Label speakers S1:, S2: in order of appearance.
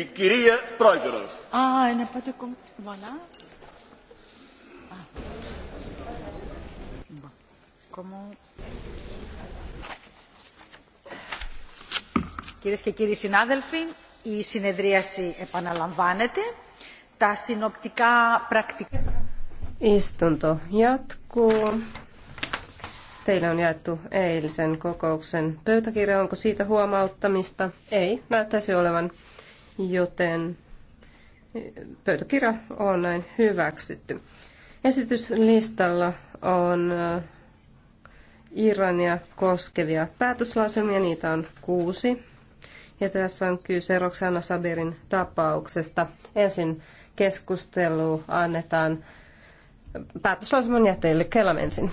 S1: Η κυρία Πρόεδρος.
S2: Α, ένα πότε κομμάτι.
S3: Comment... Κυρίες και κύριοι συνάδελφοι, η συνεδρίαση επαναλαμβάνεται. Τα συνοπτικά πρακτικά...
S4: Istunto jatkuu. Teillä on jaettu eilisen kokouksen pöytäkirja. Onko siitä huomauttamista? Ei, näyttäisi olevan joten pöytäkirja on näin hyväksytty. Esityslistalla on äh, Irania koskevia päätöslausumia, niitä on kuusi. Ja tässä on kyse Roxana Sabirin tapauksesta. Ensin keskustelu annetaan päätöslausuman jättäjille Kelan ensin.